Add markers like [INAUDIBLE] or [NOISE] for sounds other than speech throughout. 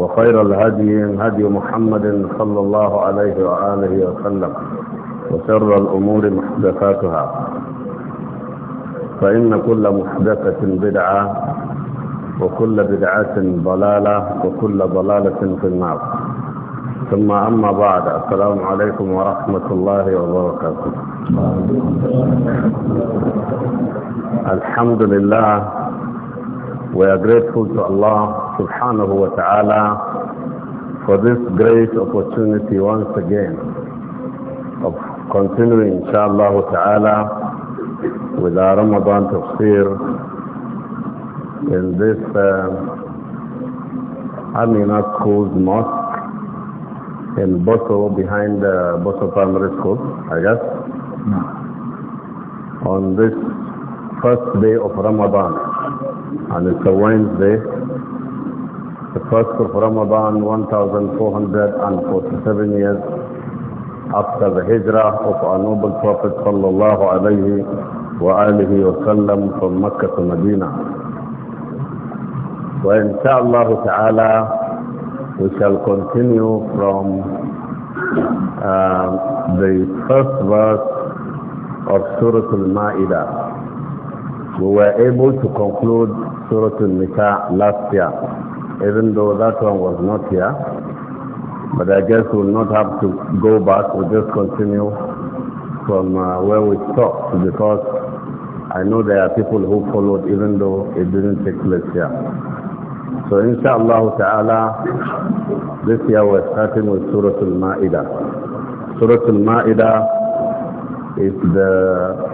وخير الهدي هدي محمد صلى الله عليه وآله وسلم وشر الأمور محدثاتها فإن كل محدثة بدعة وكل بدعة ضلالة وكل ضلالة في النار ثم أما بعد السلام عليكم ورحمة الله وبركاته الحمد لله We are grateful to Allah subhanahu wa ta'ala for this great opportunity once again of continuing inshallah ta'ala with our Ramadan tafsir in this uh, School mosque in Boso behind uh, Boso Primary School, I guess. Hmm. On this first day of Ramadan and it's a Wednesday, the first of Ramadan, 1447 years after the hijrah of our noble Prophet sallallahu alayhi wa alihi wa sallam from Mecca to Medina. So inshallah ta'ala, we shall continue from uh, the first verse of Surah Al-Ma'idah. We were able to conclude Surah Al-Nisa last year, even though that one was not here. But I guess we'll not have to go back, we'll just continue from uh, where we stopped because I know there are people who followed even though it didn't take place here. So inshallah ta'ala, this year we're starting with Surah Al-Ma'idah. Surah Al-Ma'idah is the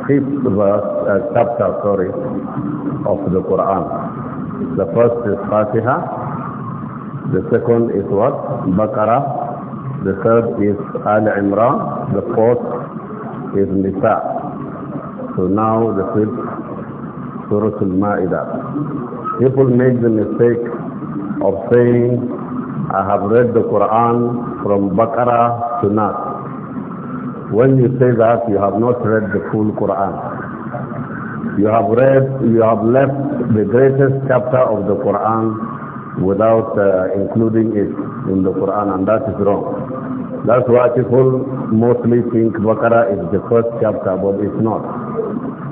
fifth verse, uh, chapter, sorry, of the Quran. The first is Fatiha, the second is what? Baqarah, the third is Al-Imran, the fourth is Nisa. So now the fifth, Surah Al-Ma'idah. People make the mistake of saying, I have read the Quran from Baqarah to Nas. When you say that, you have not read the full Quran. You have read, you have left the greatest chapter of the Quran without uh, including it in the Quran, and that is wrong. That's why people mostly think Baqarah is the first chapter, but it's not.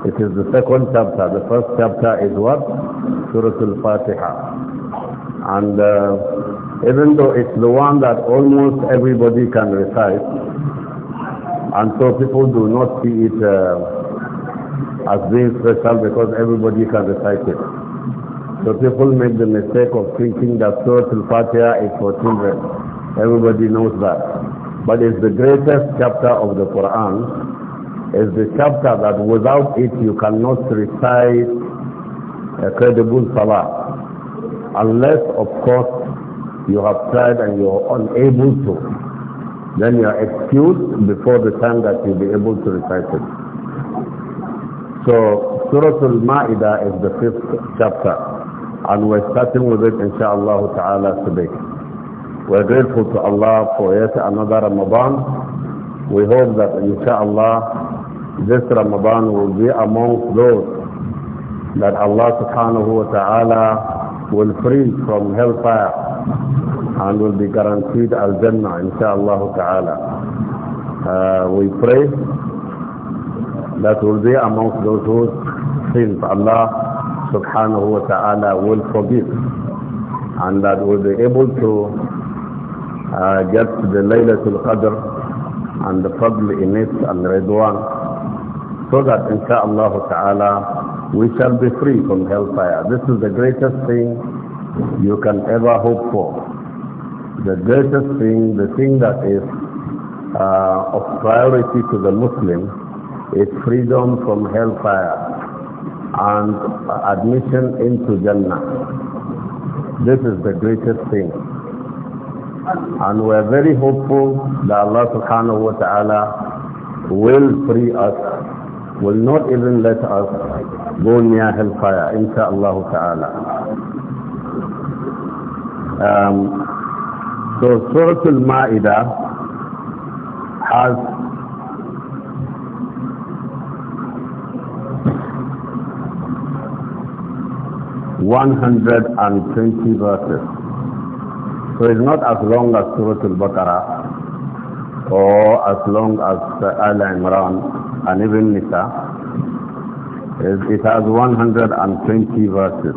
It is the second chapter. The first chapter is what? Surah Al-Fatiha. And uh, even though it's the one that almost everybody can recite, and so people do not see it uh, as being special because everybody can recite it. So people make the mistake of thinking that Surah Al-Fatiha is for children. Everybody knows that. But it's the greatest chapter of the Quran. It's the chapter that without it you cannot recite a credible salah. Unless, of course, you have tried and you are unable to. Then you are excused before the time that you'll be able to recite it. So Surah Al-Ma'idah is the fifth chapter and we're starting with it inshaAllah ta'ala today. We're grateful to Allah for yet another Ramadan. We hope that inshaAllah this Ramadan will be amongst those that Allah subhanahu wa ta'ala will free from hellfire and will be guaranteed al-jannah insha'Allah ta'ala. Uh, we pray that will be amongst those who sins Allah subhanahu wa ta'ala will forgive and that will be able to uh, get to the Laylatul Qadr and the Fadl in it and Ridwan so that insha'Allah ta'ala we shall be free from hellfire. This is the greatest thing you can ever hope for. The greatest thing, the thing that is uh, of priority to the Muslim is freedom from hellfire and admission into Jannah. This is the greatest thing. And we're very hopeful that Allah subhanahu wa ta'ala will free us, will not even let us go near hellfire, inshaAllah ta'ala. Um, so Surah Al-Ma'idah has one hundred and twenty verses. So it's not as long as Surah Al-Baqarah or as long as Al Imran and even Nisa. It has 120 verses.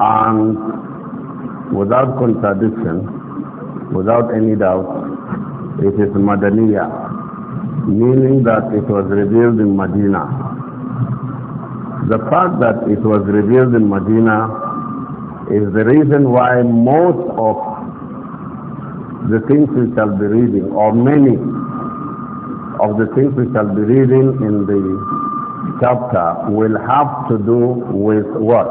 And without contradiction, without any doubt, it is Madaniya, meaning that it was revealed in Medina. The fact that it was revealed in Medina is the reason why most of the things we shall be reading, or many of the things we shall be reading in the chapter, will have to do with what?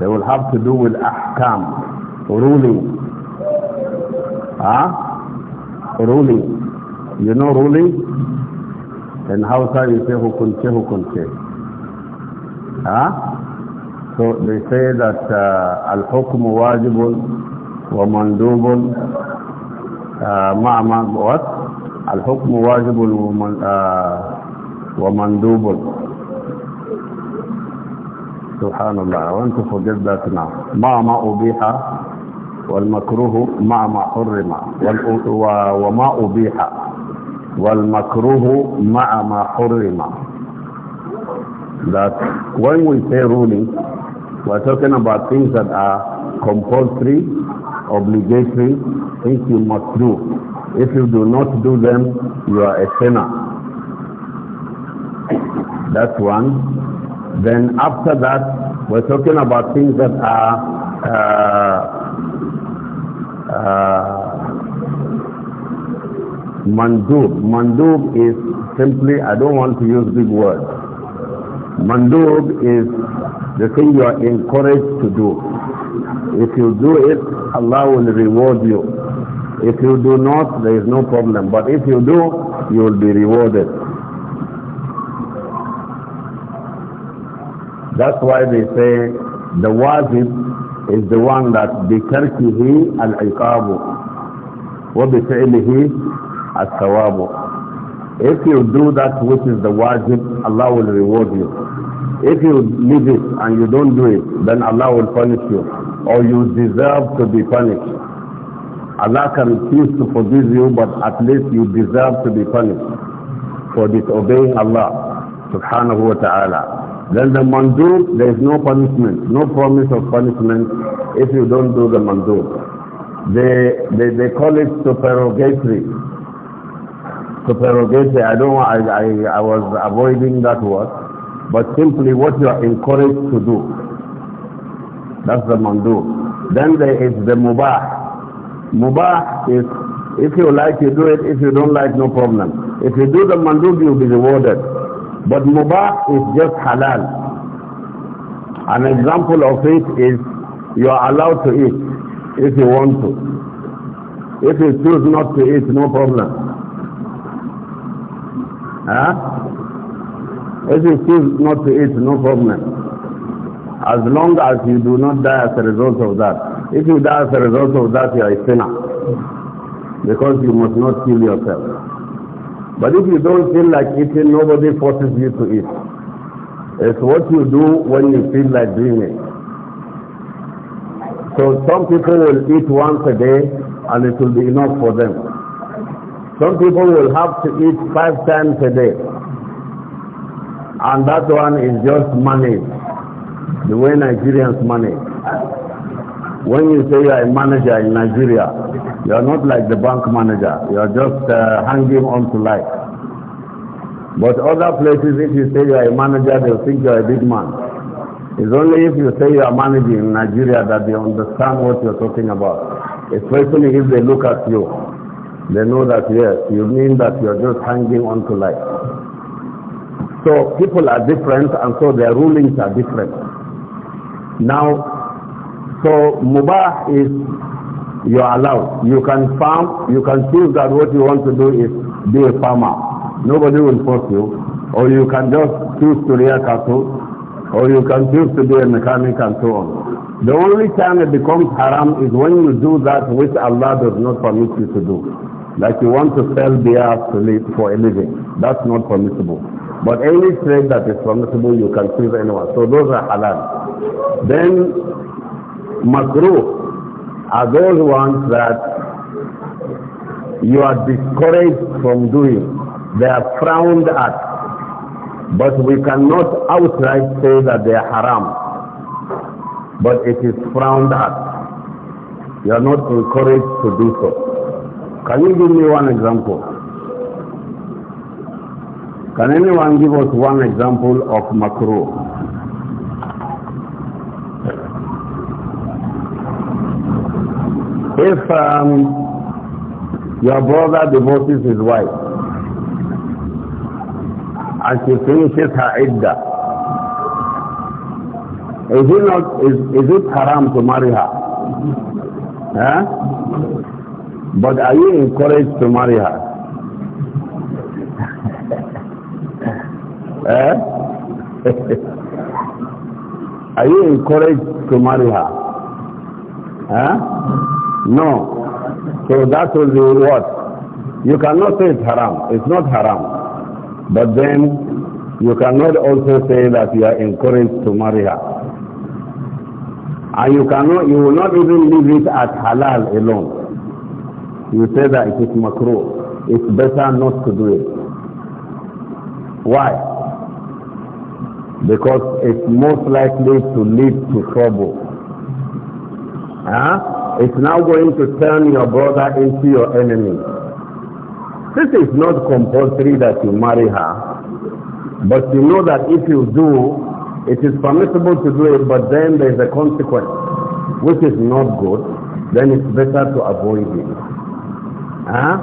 They will have to do with ahkam, ruling. Ah? Huh? Ruling. You know ruling? In Hausa you say hukunche hukunche. Ah? Huh? So they say that al-hukmu wajibun wa mandubun uh, ma'ama what? Al-hukmu wajibun uh, wa mandubun. Subhanallah, I want to forget that now. Ma'ama ubiha والمكروه مع ما حرم وما أبيح والمكروه مع ما حرم that when we say ruling we're talking about things that are compulsory obligatory things you must do if you do not do them you are a sinner that's one then after that we're talking about things that are uh, uh, mandub. Mandub is simply, I don't want to use big words. Mandub is the thing you are encouraged to do. If you do it, Allah will reward you. If you do not, there is no problem. But if you do, you will be rewarded. That's why they say the wajib is the one that al-iqabu, بتركه العقاب al الثواب if you do that which is the wajib Allah will reward you if you leave it and you don't do it then Allah will punish you or you deserve to be punished Allah can refuse to forgive you but at least you deserve to be punished for disobeying Allah subhanahu wa ta'ala then the mandub, there is no punishment, no promise of punishment if you don't do the mandub. They, they, they call it supererogatory. Supererogatory, I don't I, I, I was avoiding that word, but simply what you are encouraged to do. That's the mandub. Then there is the mubah. Mubah is if you like, you do it. If you don't like, no problem. If you do the mandub, you'll be rewarded. But mubah is just halal. An example of it is you are allowed to eat if you want to. If you choose not to eat, no problem. Huh? If you choose not to eat, no problem. As long as you do not die as a result of that. If you die as a result of that, you are a sinner. Because you must not kill yourself. But if you don't feel like eating, nobody forces you to eat. It's what you do when you feel like doing it. So some people will eat once a day and it will be enough for them. Some people will have to eat five times a day. And that one is just money The way Nigerians manage. When you say you are a manager in Nigeria, you are not like the bank manager. You are just uh, hanging on to life. But other places, if you say you are a manager, they'll think you are a big man. It's only if you say you are managing in Nigeria that they understand what you're talking about. Especially if they look at you. They know that, yes, you mean that you're just hanging on to life. So people are different and so their rulings are different. Now, so mubah is you are allowed. You can farm, you can choose that what you want to do is be a farmer. Nobody will force you. Or you can just choose to rear cattle, or you can choose to be a mechanic and so on. The only time it becomes haram is when you do that which Allah does not permit you to do. Like you want to sell beer to live for a living. That's not permissible. But any trade that is permissible, you can choose anyone. So those are halal. Then makruh are those ones that you are discouraged from doing. They are frowned at. But we cannot outright say that they are haram. But it is frowned at. You are not encouraged to do so. Can you give me one example? Can anyone give us one example of makruh? If um, your brother divorces his wife and she finishes her idda, is it not is, is it haram to marry her? Huh? But are you encouraged to marry her? [LAUGHS] eh? [LAUGHS] are you encouraged to marry her? Huh? No. So that will be what? You cannot say it's haram. It's not haram. But then you cannot also say that you are encouraged to marry her. And you cannot, you will not even leave it at halal alone. You say that it is makruh. It's better not to do it. Why? Because it's most likely to lead to trouble. Huh? It's now going to turn your brother into your enemy. This is not compulsory that you marry her, but you know that if you do, it is permissible to do it, but then there is a consequence, which is not good, then it's better to avoid it. Huh?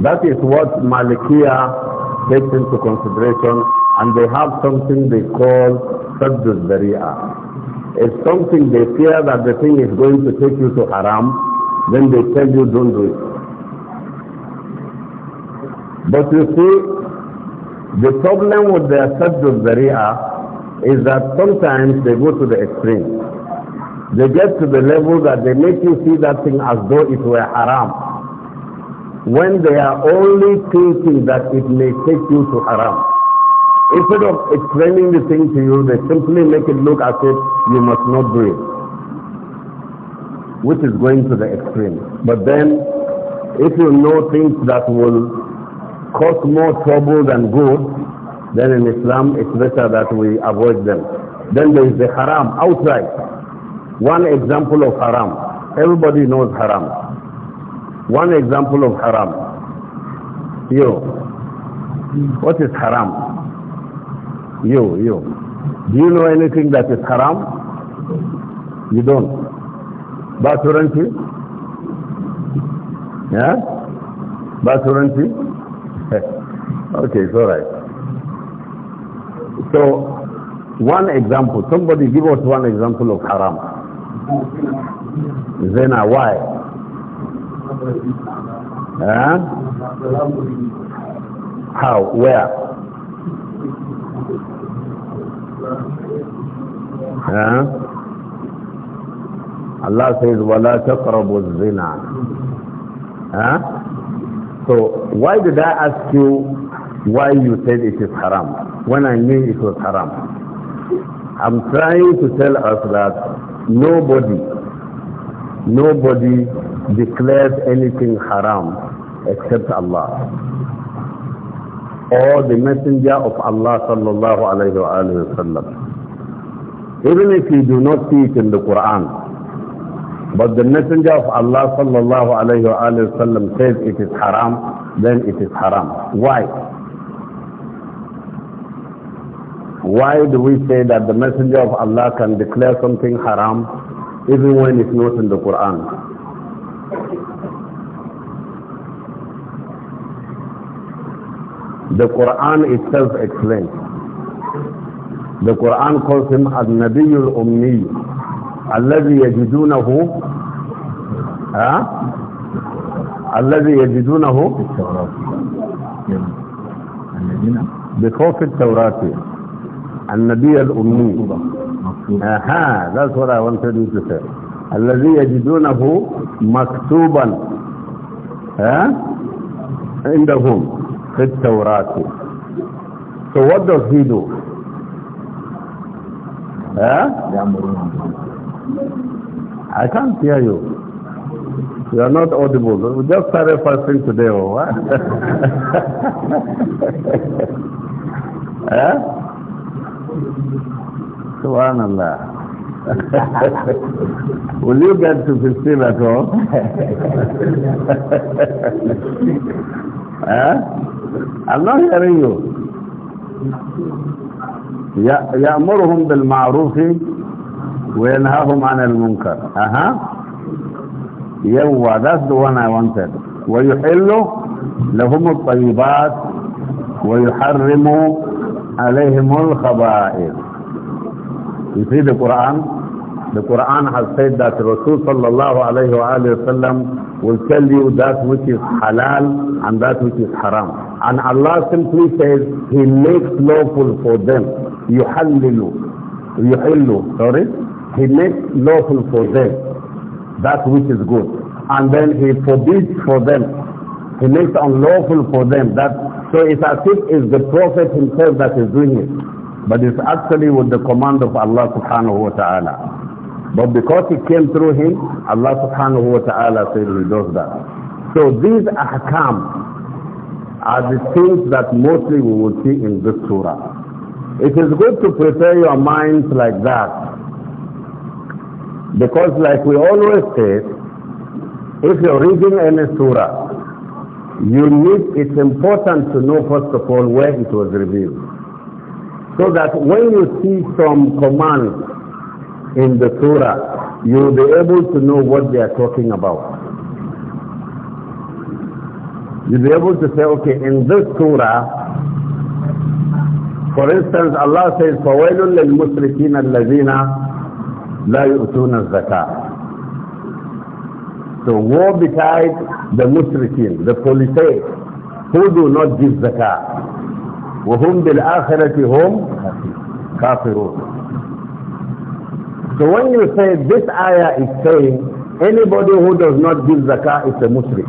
That is what Malikiya takes into consideration, and they have something they call Saddus Bari'ah. If something they fear that the thing is going to take you to haram, then they tell you don't do it. But you see, the problem with their subject Zariah is that sometimes they go to the extreme. They get to the level that they make you see that thing as though it were haram. When they are only thinking that it may take you to haram. Instead of explaining the thing to you, they simply make it look as if you must not do it, which is going to the extreme. But then, if you know things that will cause more trouble than good, then in Islam it's better that we avoid them. Then there is the haram outright. One example of haram. Everybody knows haram. One example of haram. You. What is haram? You, you. Do you know anything that is haram? You don't. Basuranti? Yeah? Basuranti? [LAUGHS] okay, it's alright. So, one example. Somebody give us one example of haram. Zena, why? Huh? How? Where? Allah says, وَلَا تَقْرَبُوا الزِّنَا huh? So why did I ask you why you said it is haram when I knew it was haram? I'm trying to tell us that nobody, nobody declares anything haram except Allah or the messenger of Allah sallallahu alayhi wa sallam even if you do not see it in the Quran. But the Messenger of Allah sallallahu alayhi wa sallam says it is haram, then it is haram. Why? Why do we say that the Messenger of Allah can declare something haram even when it's not in the Quran? The Quran itself explains. The Quran calls him Al-Nabiy al-Ummi, الذي يجدونه ها الذي يجدونه بخوف التوراة النبي الأمي أها that's what I wanted you to say الذي يجدونه مكتوبا ها عندهم في التوراة so what does he do Eh? I can't hear you. You are not audible. We just started fasting today, or oh, what? [LAUGHS] eh? Subhanallah. [LAUGHS] Will you get to 15 at all? [LAUGHS] eh? I'm not hearing you. يأمرهم بالمعروف وينهاهم عن المنكر أها يوا that's the one I wanted ويحل لهم الطيبات ويحرم عليهم الخبائث You see the Quran? The Quran has said that Rasul sallallahu alayhi wa alayhi wa sallam will tell you that which is halal and that which is haram. And Allah simply says He makes lawful for them يحلل yuhillu, sorry, he makes lawful for them that which is good. And then he forbids for them. He makes unlawful for them that, so it's as if it's the Prophet himself that is doing it. But it's actually with the command of Allah subhanahu wa ta'ala. But because it came through him, Allah subhanahu wa ta'ala says he does that. So these ahkam are the things that mostly we will see in this surah. It is good to prepare your minds like that. Because like we always say, if you're reading any surah, you need, it's important to know first of all where it was revealed. So that when you see some commands in the surah, you'll be able to know what they are talking about. You'll be able to say, okay, in this surah, for instance, Allah says, فَوَيْلٌ لِلْمُسْرِكِينَ الَّذِينَ لَا يُؤْتُونَ الزَّكَاةَ So woe betide the musrikin, the police, who do not give zakah. وَهُمْ بِالْآخِرَةِ هُمْ كَافِرُونَ So when you say this ayah is saying, anybody who does not give zakah is a musrik,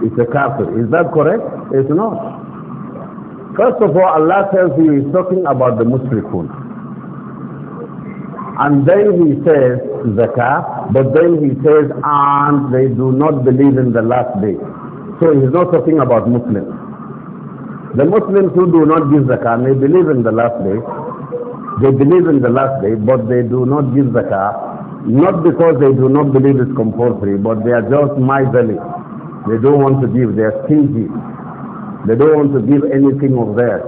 is a kafir. Is that correct? It's not. First of all, Allah tells you he's talking about the mushrikun. And then he says zakah, but then he says, and they do not believe in the last day. So he's not talking about Muslims. The Muslims who do not give zakah they believe in the last day. They believe in the last day, but they do not give zakah, not because they do not believe it's compulsory, but they are just miserly. They don't want to give, they are stingy. They don't want to give anything of theirs.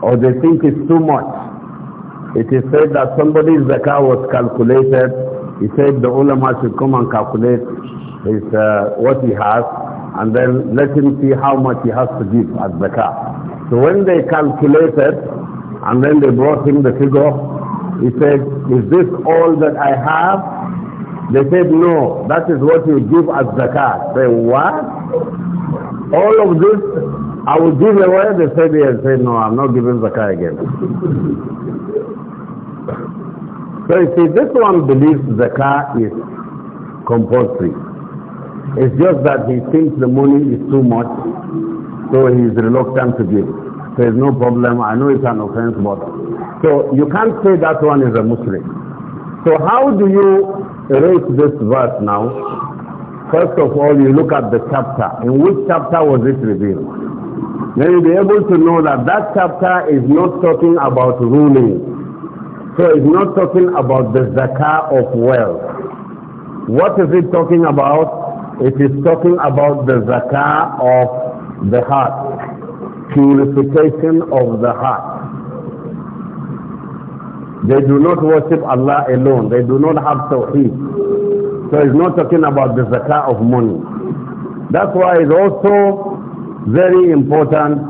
Or they think it's too much. It is said that somebody's zakah was calculated. He said the ulama should come and calculate his, uh, what he has and then let him see how much he has to give as zakah. So when they calculated and then they brought him the figure, he said, is this all that I have? They said, no, that is what you give as zakat. Say, what? All of this, I will give away. They said, yes. Say, no, I'm not giving zakat again. so you see, this one believes zakat is compulsory. It's just that he thinks the money is too much, so he's reluctant to give. So there's no problem. I know it's an offense, but... So you can't say that one is a Muslim. So how do you read this verse now, first of all, you look at the chapter. In which chapter was it revealed? Then you'll be able to know that that chapter is not talking about ruling. So it's not talking about the zakah of wealth. What is it talking about? It is talking about the zakah of the heart, purification of the heart. They do not worship Allah alone. They do not have tawheed. So it's not talking about the zakah of money. That's why it's also very important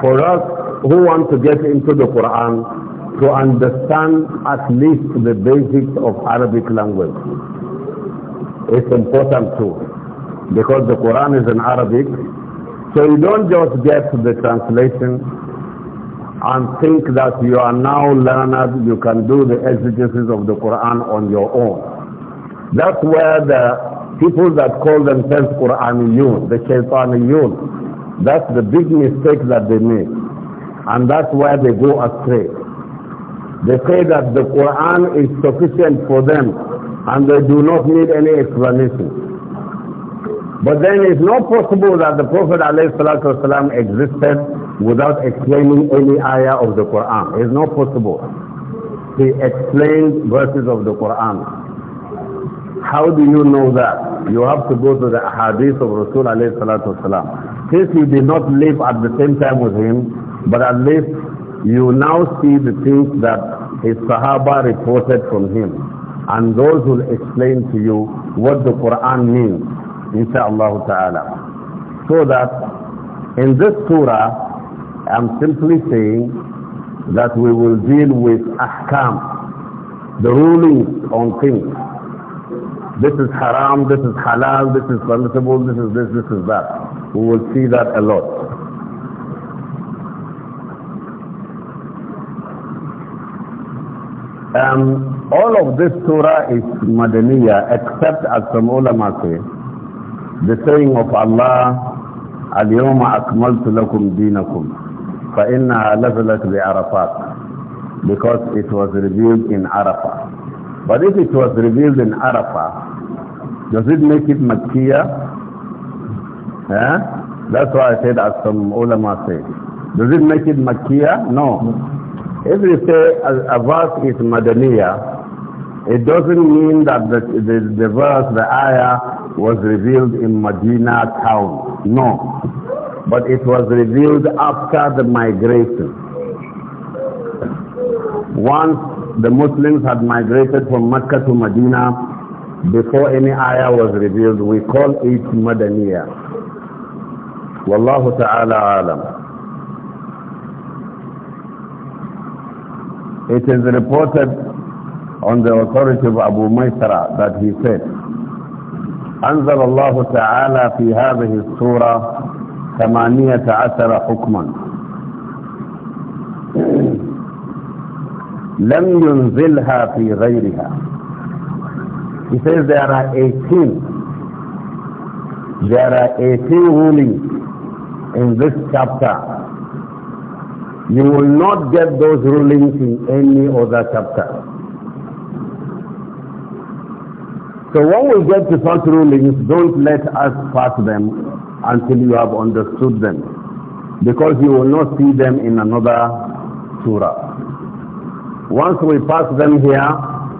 for us who want to get into the Quran to understand at least the basics of Arabic language. It's important too because the Quran is in Arabic. So you don't just get the translation and think that you are now learned, you can do the exegesis of the Quran on your own. That's where the people that call themselves Quraniyun, the Shaitaniyun, that's the big mistake that they make. And that's where they go astray. They say that the Quran is sufficient for them and they do not need any explanation. But then it's not possible that the Prophet ﷺ existed without explaining any ayah of the Quran. It's not possible. He explained verses of the Quran. How do you know that? You have to go to the hadith of Rasul alayhi salatu wasalam. Since you did not live at the same time with him, but at least you now see the things that his Sahaba reported from him. And those will explain to you what the Quran means, inshaAllah ta'ala. So that in this surah, I'm simply saying that we will deal with ahkam, the rulings on things. This is haram, this is halal, this is permissible, this is this, this is that. We will see that a lot. Um, all of this surah is Madaniya except as some ulama say, the saying of Allah, al-yawma akmaltu lakum dinakum فإنها نزلت بعرفات because it was revealed in Arafah. But if it was revealed in Arafah, does it make it Makkiyah? That's why I said as some ulama say. Does it make it Makkiyah? No. If you say a, verse is Madaniya, it doesn't mean that the, the, the verse, the ayah, was revealed in Medina town. No but it was revealed after the migration. Once the Muslims had migrated from Mecca to Medina, before any ayah was revealed, we call it Madaniyah. Wallahu ta'ala alam. It is reported on the authority of Abu Maysara that he said, أنزل الله تعالى في هذه السورة ثمانية عشر حكما لم ينزلها في غيرها He says there are 18 there are 18 rulings in this chapter you will not get those rulings in any other chapter so when we get to such rulings don't let us pass them until you have understood them. Because you will not see them in another surah. Once we pass them here,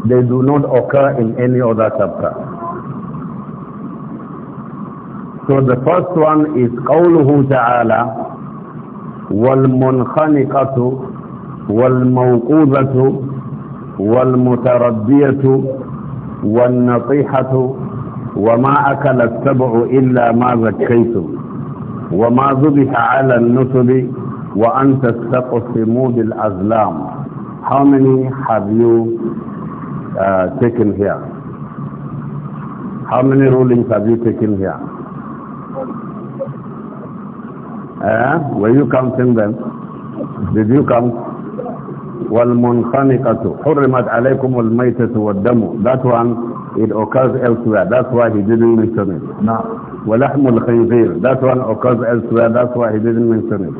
they do not occur in any other chapter. So the first one is Taala, wal wal تعالى wal والموقوذة wal والنطيحة وما أكل السبع إلا ما ذكيتم وما ذبح على النسب وأن تستقصموا بالأزلام How many have you uh, taken here? How many rulings have you taken here? Uh, were you counting them? Did you count? والمنخنقة حرمت عليكم الميتة والدم that one it occurs elsewhere. That's why he didn't mention it. No. وَلَحْمُ الْخِنْزِيرِ That one occurs elsewhere. That's why he didn't mention it.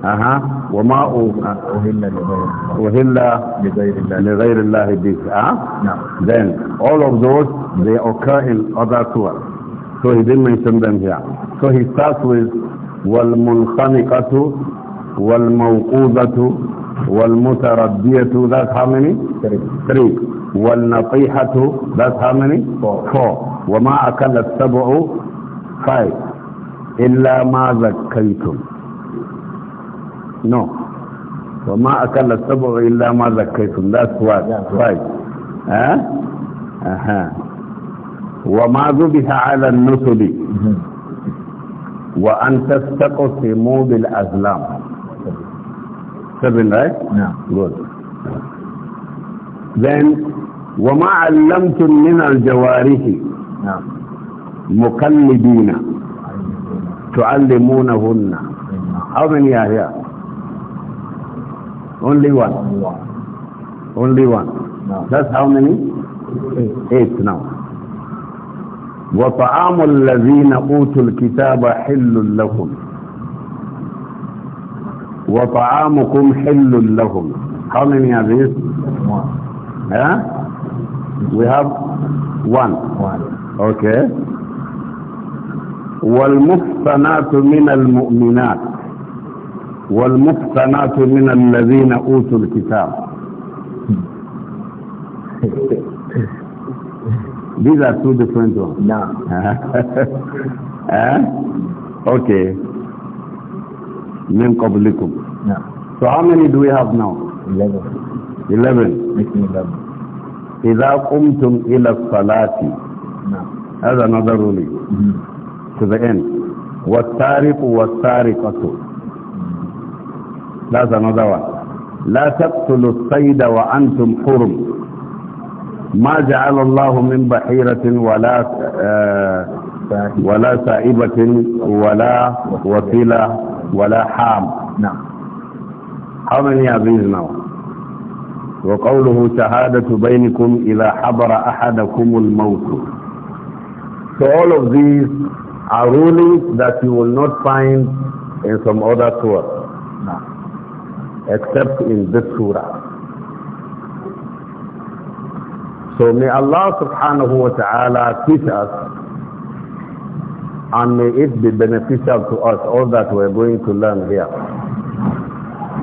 أها uh-huh. وما أهل لغير الله لغير الله uh-huh. then all of those they occur in other surahs so he didn't mention them here so he starts with والمنخنقة والموقوذة والمتردية that's how many? three three والنطيحة that's how many? Four. Four. وما أكل السبع five. إلا ما ذكيتم. No. وما أكل السبع إلا ما ذكيتم. That's what? Five. ها؟ أها. وما ذبح على النسب وأن تستقسموا بالأزلام. Seven, right? yeah نعم. Good. Then وما علمتم من الجوارح مقلدين نعم. نعم. تعلمونهن او من يا هيا only one only one نعم. that's how many eight now وطعام الذين اوتوا الكتاب حل لهم وطعامكم حل لهم how many are these ها We have one. One. Okay. والمحصنات من المؤمنات والمحصنات من الذين أوتوا الكتاب [LAUGHS] These are two different ones. No. [LAUGHS] eh? Okay. من قبلكم. No. So how many do we have now? Eleven. Eleven. Eleven. إذا قمتم إلى الصلاة نعم. هذا نظر لي to the end والسارق والسارقة that's another one لا تقتلوا الصيد وأنتم حرم ما جعل الله من بحيرة ولا آه، ولا سائبة ولا وسيلة ولا حام نعم how many are these now وقوله شهادة بينكم إذا حضر أحدكم الموت So all of these are rulings that you will not find in some other surah, except in this surah. So may Allah subhanahu wa ta'ala teach us and may it be beneficial to us, all that we're going to learn here.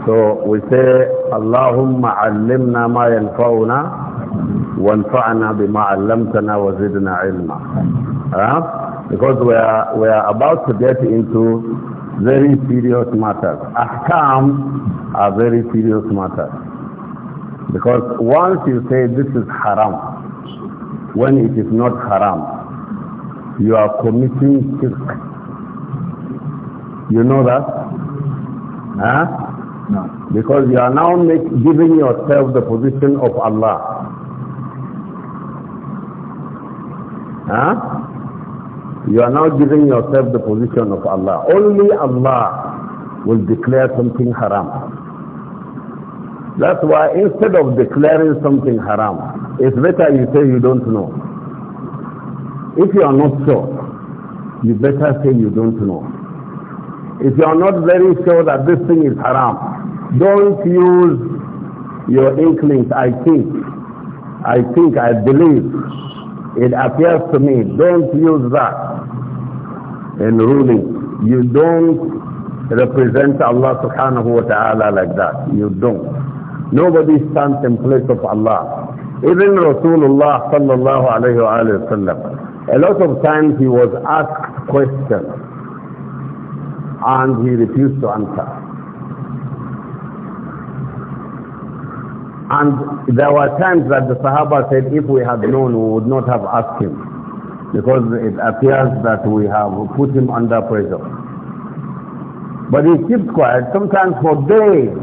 So we say, Allahumma allimna ma yanfa'una wanfa'na bima allamtana wa zidna ilma. Huh? Because we are, we are about to get into very serious matters. Ahkam are very serious matters. Because once you say this is haram, when it is not haram, you are committing shirk. You know that? Huh? Because you are now make, giving yourself the position of Allah. Huh? You are now giving yourself the position of Allah. Only Allah will declare something haram. That's why instead of declaring something haram, it's better you say you don't know. If you are not sure, you better say you don't know. If you are not very sure that this thing is haram, don't use your inklings, I think, I think, I believe, it appears to me. Don't use that in ruling. You don't represent Allah subhanahu wa ta'ala like that. You don't. Nobody stands in place of Allah. Even Rasulullah sallallahu alayhi wa sallam, a lot of times he was asked questions and he refused to answer. And there were times that the Sahaba said, if we had known, we would not have asked him. Because it appears that we have put him under pressure. But he keeps quiet, sometimes for days,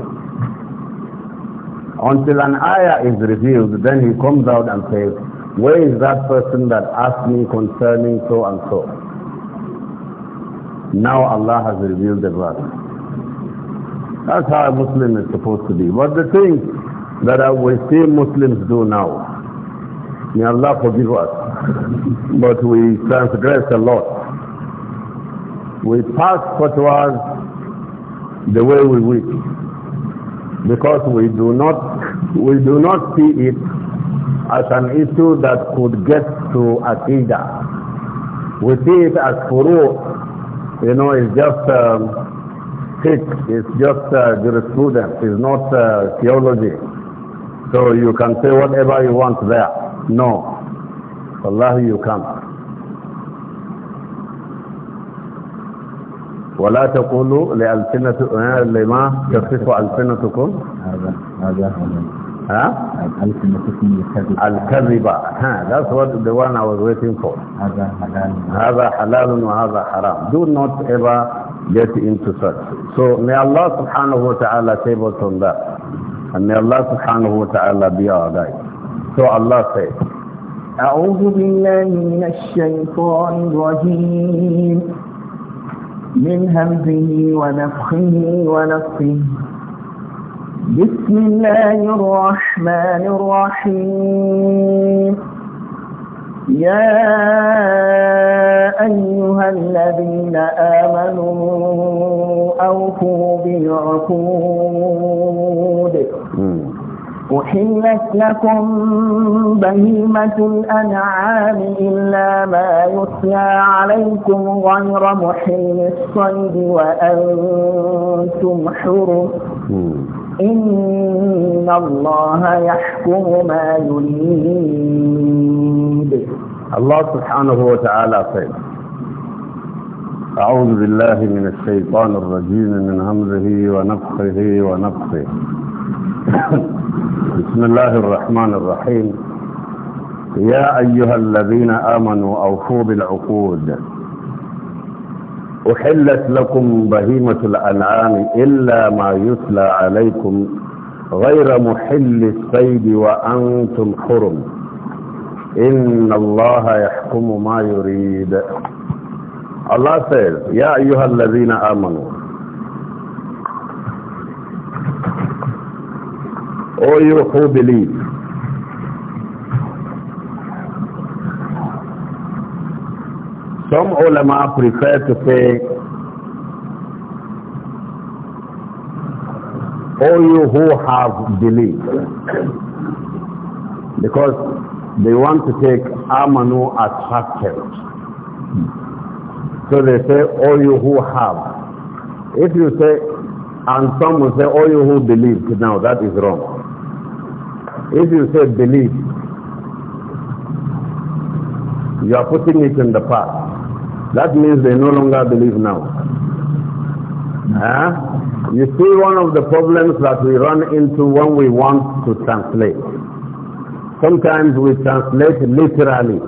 until an ayah is revealed. Then he comes out and says, where is that person that asked me concerning so and so? Now Allah has revealed the verse. That's how a Muslim is supposed to be. But the thing that I will see Muslims do now. May Allah forgive us. But we transgress a lot. We pass fatwas the way we wish. Because we do not we do not see it as an issue that could get to Aqidah. We see it as furu, you know, it's just um, fiqh, it's just uh, jurisprudence, it's not uh, theology. So you can say whatever you want there. No. Allah, you can't. ولا تقولوا لألسنة لما تصف ألسنتكم هذا هذا ها ألسنتكم الكذبة ها that's what the one I was waiting for هذا حلال هذا حلال وهذا حرام do not ever get into such so may Allah subhanahu wa ta'ala save us from that And may Allah subhanahu wa ta'ala be our guide. So Allah says, أعوذ بالله من الشيطان الرجيم من همزه ونفخه ونفخه بسم الله الرحمن الرحيم يا أيها الذين آمنوا أوفوا بالعقول أحلت لكم بهيمة الأنعام إلا ما يتلى عليكم غير محل الصيد وأنتم حرم إن الله يحكم ما يريد الله سبحانه وتعالى خير أعوذ بالله من الشيطان الرجيم من همزه ونفخه ونفخه بسم الله الرحمن الرحيم يا أيها الذين آمنوا أوفوا بالعقود أحلت لكم بهيمة الأنعام إلا ما يتلى عليكم غير محل الصيد وأنتم حرم إن الله يحكم ما يريد الله says يا أيها الذين آمنوا or you who believe. Some ulama prefer to say, all you who have believed, because they want to take Amanu as factor. So they say, all you who have. If you say, and some will say, all you who believe, now that is wrong. If you say believe, you are putting it in the past. That means they no longer believe now. Huh? You see one of the problems that we run into when we want to translate. Sometimes we translate literally.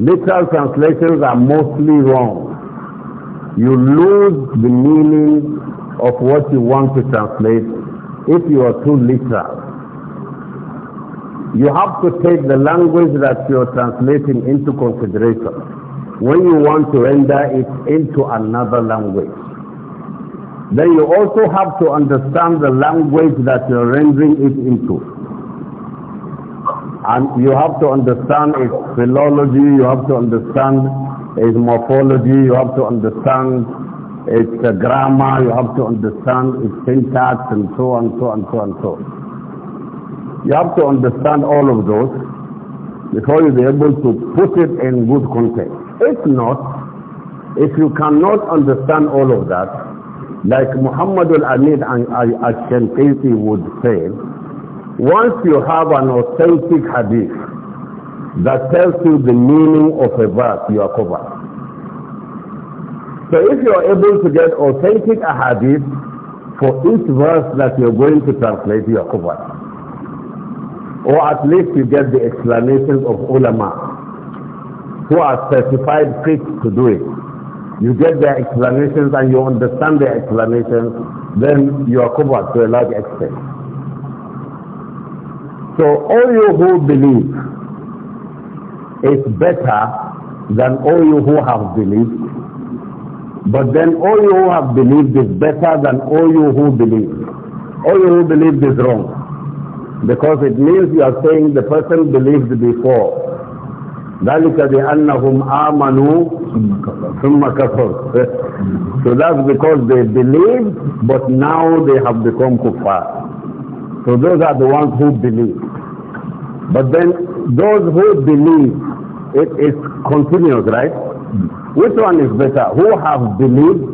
Literal translations are mostly wrong. You lose the meaning of what you want to translate if you are too literal. You have to take the language that you're translating into consideration when you want to render it into another language. Then you also have to understand the language that you're rendering it into. And you have to understand its philology, you have to understand its morphology, you have to understand its uh, grammar, you have to understand its syntax and so on, so on, so on, so on. You have to understand all of those before you be able to put it in good context. If not, if you cannot understand all of that, like Muhammad al and al-Shanqiti would say, once you have an authentic hadith that tells you the meaning of a verse, you are covered. So if you are able to get authentic hadith for each verse that you are going to translate, you are covered or at least you get the explanations of ulama who are certified fit to do it. You get their explanations and you understand their explanations, then you are covered to a large extent. So all you who believe is better than all you who have believed. But then all you who have believed is better than all you who believe. All you who believe is wrong because it means you are saying the person believed before. ذلك بأنهم آمنوا ثم كفروا [LAUGHS] So that's because they believed but now they have become kuffar. So those are the ones who believe. But then those who believe, it is continuous, right? Which one is better? Who have believed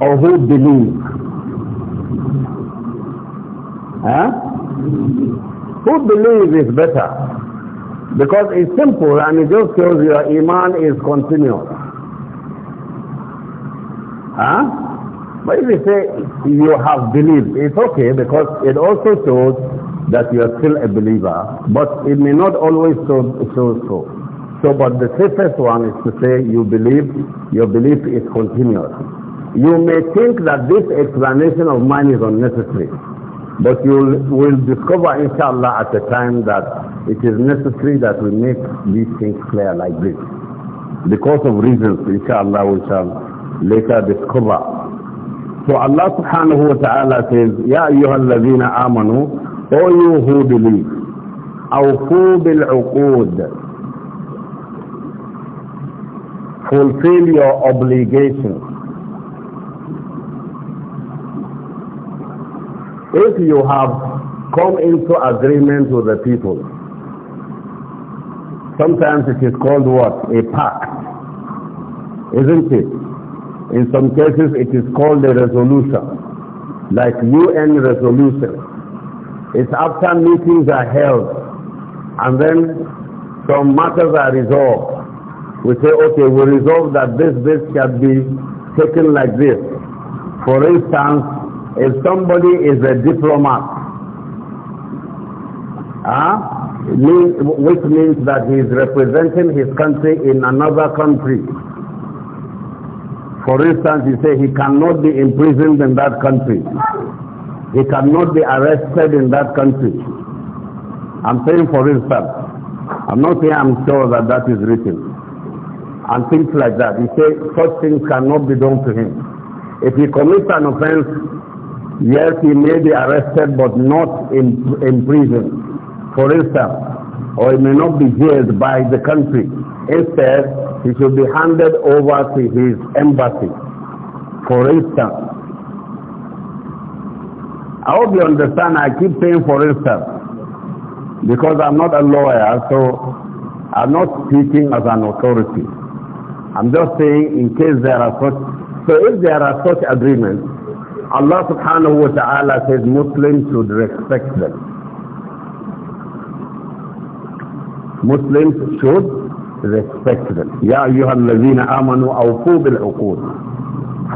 or who believe? Huh? Who believes is better? Because it's simple and it just shows your iman is continuous. Huh? But if you say you have believed, it's okay because it also shows that you are still a believer, but it may not always show, show so. So, but the safest one is to say you believe, your belief is continuous. You may think that this explanation of mine is unnecessary. But you will discover, inshallah, at the time that it is necessary that we make these things clear like this. Because of reasons, inshallah, we shall later discover. So Allah subhanahu wa ta'ala says, Ya ayyuhal ladhina amanu, O you who believe, awfu bil uqood, fulfill your obligations. If you have come into agreement with the people, sometimes it is called what? A pact. Isn't it? In some cases it is called a resolution, like UN resolution. It's after meetings are held and then some matters are resolved. We say, okay, we resolve that this, this can be taken like this. For instance, if somebody is a diplomat, huh, ah, mean, which means that he is representing his country in another country. For instance, you say he cannot be imprisoned in that country. He cannot be arrested in that country. I'm saying for instance. I'm not saying I'm sure that that is written. And things like that. He says such things cannot be done to him. If he commits an offense, Yes, he may be arrested but not in, in prison, for instance, or he may not be jailed by the country. Instead, he should be handed over to his embassy, for instance. I hope you understand I keep saying for instance because I'm not a lawyer so I'm not speaking as an authority. I'm just saying in case there are such, so if there are such agreements Allah subhanahu wa ta'ala says Muslims should respect them. Muslims should respect them. Ya ayyuhal ladhina amanu awfu bil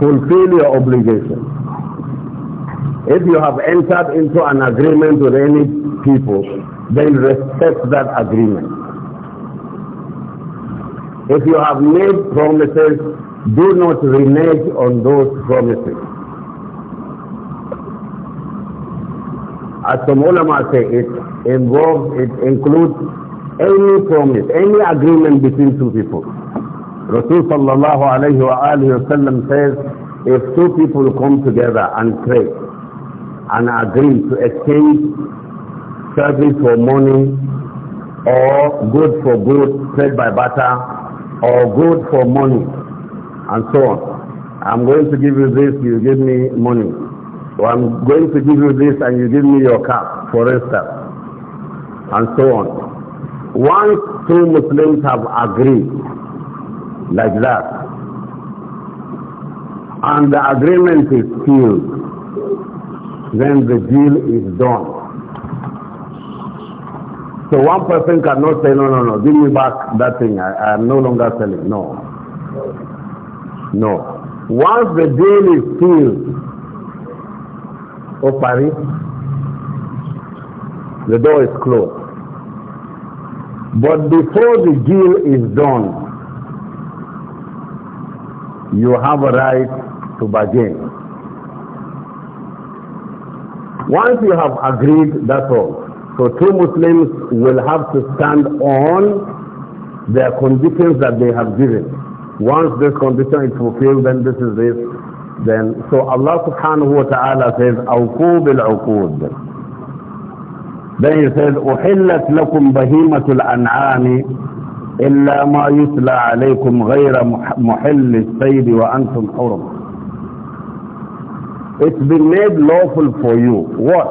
Fulfill your obligations. If you have entered into an agreement with any people, then respect that agreement. If you have made promises, do not renege on those promises. as some ulama say, it involves, it includes any promise, any agreement between two people. Rasul sallallahu alayhi wa alayhi wa sallam says, if two people come together and pray and agree to exchange service for money or good for good, trade by butter, or good for money, and so on. I'm going to give you this, you give me money. So I'm going to give you this and you give me your cup, for instance, and so on. Once two Muslims have agreed like that, and the agreement is sealed, then the deal is done. So one person cannot say, no, no, no, give me back that thing. I, I am no longer selling. No. No. Once the deal is sealed, ó parí the door is closed but before the deal is done you have a right to bargain once you have agreed that's all so two Muslims will have to stand on their conditions that they have given once this condition is fulfilled then this is this Then, so Allah subhanahu wa ta'ala says, أَوْكُوا uqud then he says, أحلت لكم بهيمة الأنعام إلا ما يتلى عليكم غير محل wa antum hurum It's been made lawful for you. What?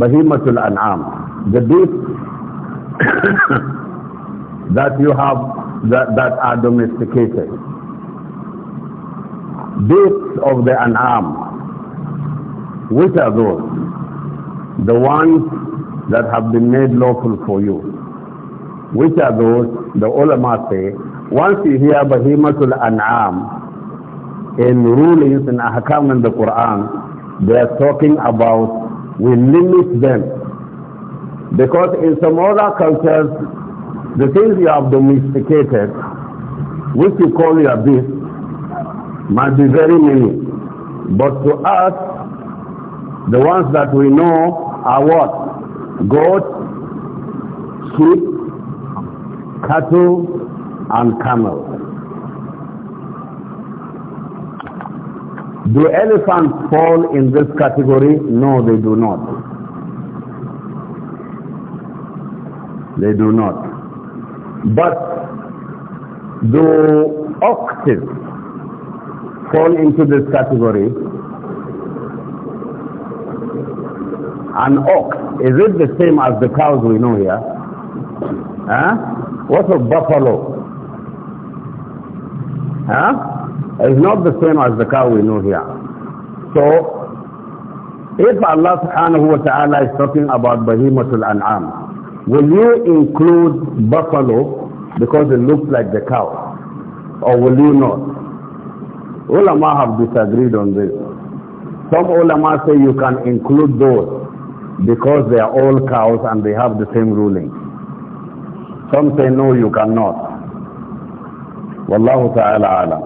bahimatul الأنعام. The beasts that you have that, that are domesticated. Beasts of the an'am. Which are those? The ones that have been made lawful for you. Which are those? The ulama say, once you hear bahimatul an'am in rulings in ahkam in the Quran, they are talking about we limit them. Because in some other cultures, the things you have domesticated, which you call your beasts might be very many. But to us, the ones that we know are what? Goat, sheep, cattle, and camel. Do elephants fall in this category? No, they do not. They do not. But do oxen fall into this category? An ox, is it the same as the cows we know here? Huh? What of buffalo? Huh? It's not the same as the cow we know here. So, if Allah subhanahu wa ta'ala is talking about Bahimatul An'am, will you include buffalo because it looks like the cow? Or will you not? Ulama have disagreed on this. Some ulama say you can include those because they are all cows and they have the same ruling. Some say no, you cannot. Wallahu ta'ala alam.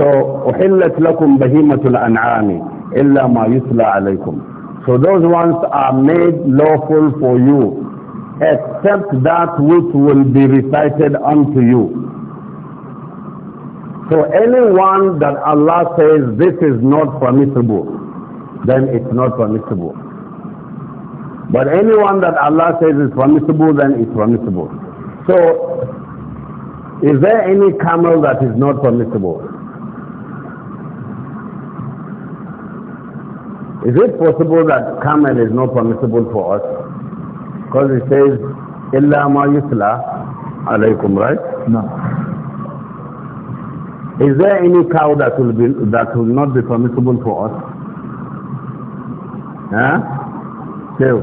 So, أحلت لكم بهيمة الأنعام illa ma yusla عليكم. So those ones are made lawful for you except that which will be recited unto you. So anyone that Allah says this is not permissible, then it's not permissible. But anyone that Allah says is permissible, then it's permissible. So, is there any camel that is not permissible? Is it possible that camel is not permissible for us? Because it says, إِلَّا ma يُسْلَى alaykum, right? No. Is there any cow that will be that will not be permissible for us? Huh? still.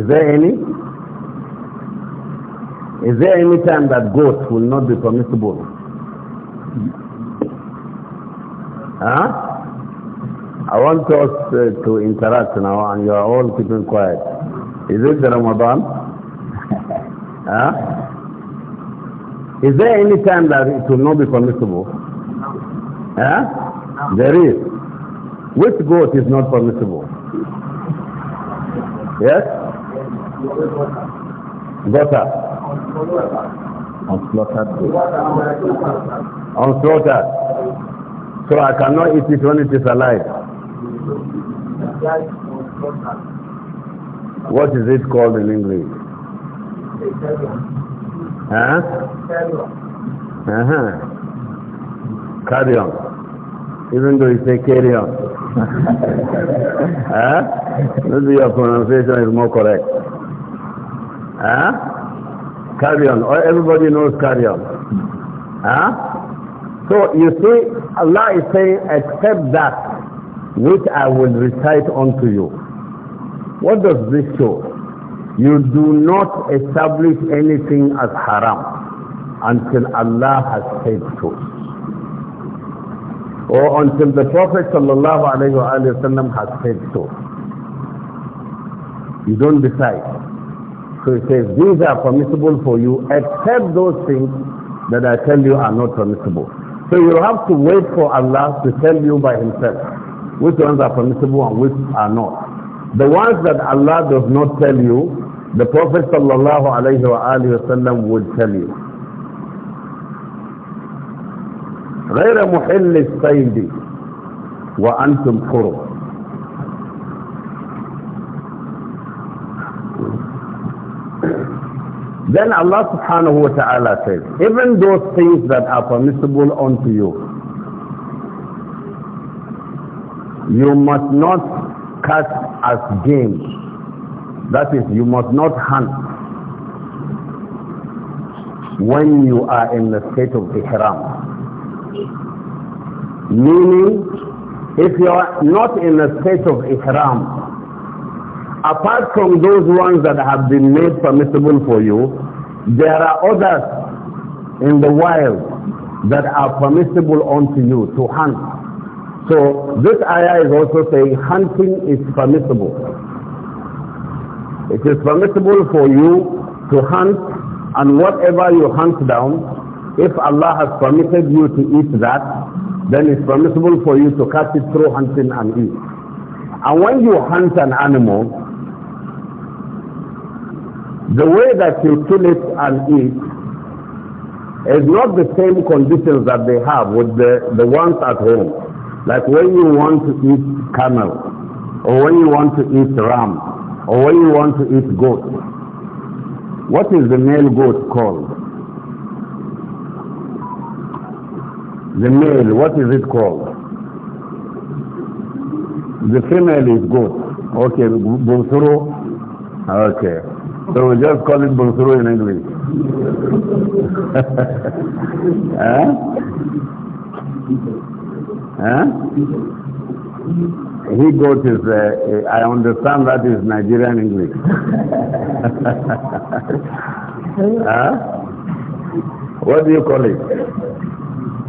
is there any? Is there any time that goats will not be permissible? Huh? I want us uh, to interact now and you are all keeping quiet. Is it the Ramadan? [LAUGHS] huh? Is there any time that it will not be permissible? No. There is. Which goat is not permissible? Yes? Gotter. Unslaughtered Unslaughtered. So I cannot eat it when it is alive. What is it called in English? Huh? Uh-huh. Carry on. Even though you say carry on. [LAUGHS] huh? Maybe your pronunciation is more correct. Ah, Carry on. Oh, everybody knows carry on. So you see, Allah is saying, accept that which I will recite unto you. What does this show? You do not establish anything as haram until Allah has said so. Or until the Prophet ﷺ has said so. You don't decide. So he says, these are permissible for you except those things that I tell you are not permissible. So you have to wait for Allah to tell you by himself which ones are permissible and which are not. The ones that Allah does not tell you, the Prophet sallallahu alayhi wa would tell you غير محل الصيد وأنتم حرم Then Allah subhanahu wa ta'ala says, even those things that are permissible unto you, you must not cast as games." That is, you must not hunt when you are in the state of ihram. Meaning, if you are not in the state of ihram, apart from those ones that have been made permissible for you, there are others in the wild that are permissible unto you to hunt. So this ayah is also saying hunting is permissible. It is permissible for you to hunt and whatever you hunt down, if Allah has permitted you to eat that, then it's permissible for you to catch it through hunting and eat. And when you hunt an animal, the way that you kill it and eat is not the same conditions that they have with the, the ones at home. Like when you want to eat camel or when you want to eat ram, or when you want to eat goat, what is the male goat called? The male, what is it called? The female is goat. Okay, Bunsuru. Okay. So we just call it Bunsuru in English. [LAUGHS] huh? Huh? He goat is, uh, uh, I understand that is Nigerian English. [LAUGHS] huh? What do you call it?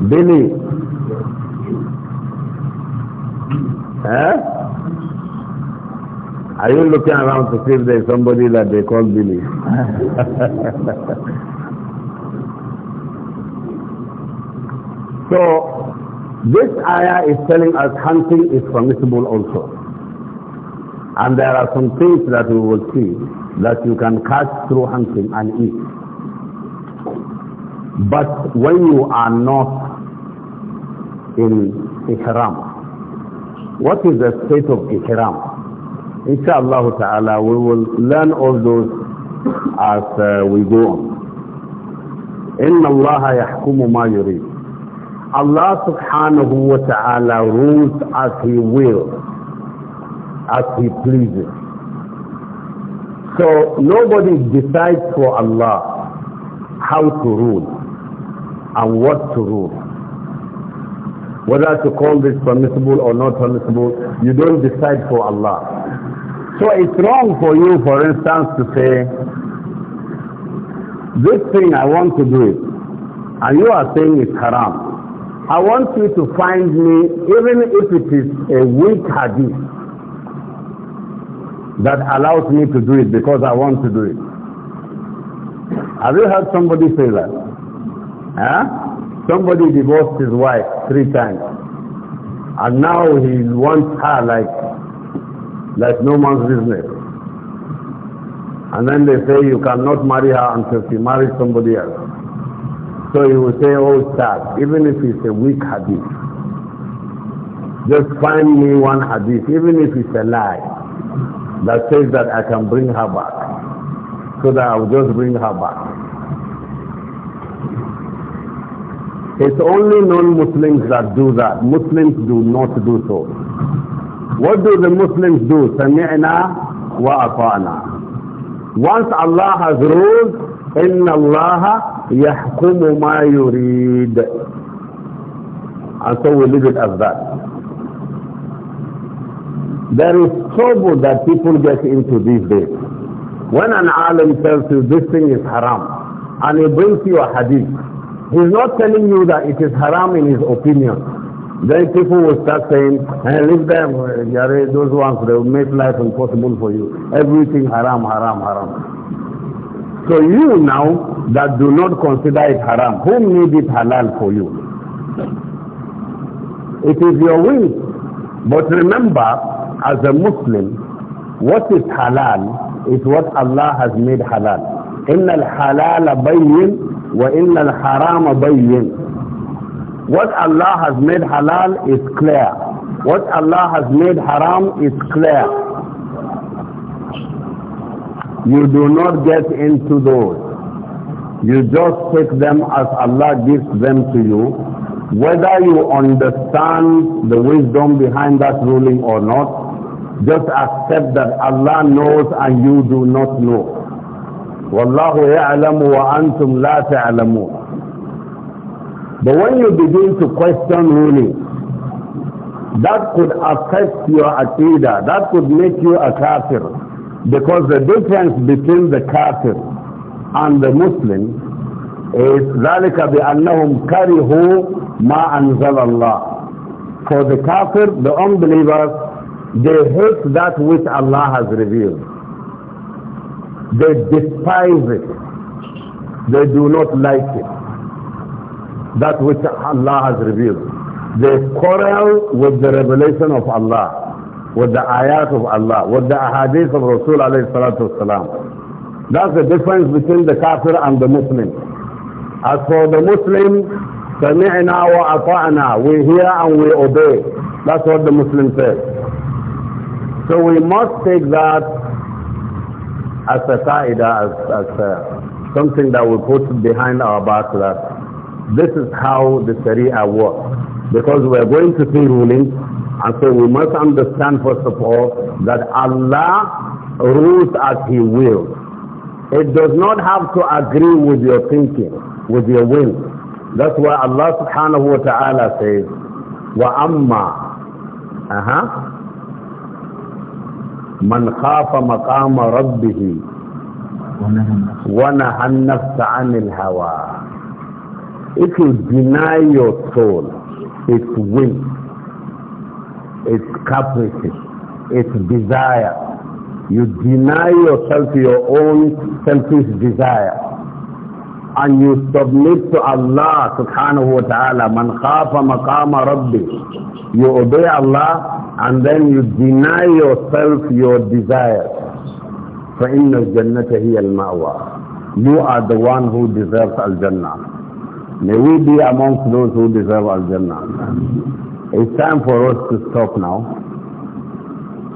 Billy. Huh? Are you looking around to see if there is somebody that they call Billy? [LAUGHS] so, this ayah is telling us hunting is permissible also. And there are some things that we will see that you can catch through hunting and eat. But when you are not in ihram, what is the state of ihram? Inshallah ta'ala we will learn all those as uh, we go on. إن الله يحكم ما يريد Allah subhanahu wa ta'ala rules as he will, as he pleases. So nobody decides for Allah how to rule and what to rule. Whether to call this permissible or not permissible, you don't decide for Allah. So it's wrong for you, for instance, to say, this thing I want to do it. And you are saying it's haram. I want you to find me, even if it is a weak hadith that allows me to do it because I want to do it. Have you heard somebody say that? Huh? Somebody divorced his wife three times. And now he wants her like, like no man's business. And then they say you cannot marry her until she marries somebody else. So you will say, oh Ustaz, even if it's a weak hadith, just find me one hadith, even if it's a lie, that says that I can bring her back. So that I will just bring her back. It's only non-Muslims that do that. Muslims do not do so. What do the Muslims do? Sami'na wa Once Allah has ruled, إِنَّ اللَّهَ يحكم ما يريد and so we leave it as that there is trouble that people get into these days when an alim tells you this thing is haram and he brings you a hadith he's not telling you that it is haram in his opinion then people will start saying, hey, leave them, those ones, they will make life impossible for you. Everything haram, haram, haram. So you now that do not consider it haram, who made it halal for you? It is your will. But remember, as a Muslim, what is halal is what Allah has made halal. إِنَّ الْحَلَالَ بَيِّن وَإِنَّ الْحَرَامَ بَيِّن What Allah has made halal is clear. What Allah has made haram is clear. You do not get into those. You just take them as Allah gives them to you. Whether you understand the wisdom behind that ruling or not, just accept that Allah knows and you do not know. But when you begin to question ruling, that could affect your aqidah, that could make you a kafir. Because the difference between the kafir and the Muslim is ذَلِكَ بِأَنَّهُمْ كَرِهُوا مَا أَنزَلَ اللَّهُ For the kafir, the unbelievers, they hate that which Allah has revealed. They despise it. They do not like it. That which Allah has revealed. They quarrel with the revelation of Allah with the ayat of Allah, with the ahadith of Rasul alayhi salatu That's the difference between the kafir and the Muslim. As for the Muslim, سَمِعْنَا وَأَطَعْنَا We hear and we obey. That's what the Muslim says. So we must take that as a qaida, as, as a, uh, something that we put behind our back that this is how the Sharia works. Because we are going to see rulings and uh, so we must understand first of all that Allah rules as He wills. It does not have to agree with your thinking, with your will. That's why Allah subhanahu wa ta'ala says, وَأَمَّا أَهَا من خاف مقام ربه ونهى النفس عن الهوى If you deny your soul its will its caprices, its desire. You deny yourself your own selfish desire. And you submit to Allah subhanahu wa ta'ala. Man khafa maqama rabbi. You obey Allah and then you deny yourself your desires. فَإِنَّ الْجَنَّةَ هِيَ الْمَأْوَى You are the one who deserves Al-Jannah. May we be amongst those who deserve Al-Jannah. It's time for us to stop now.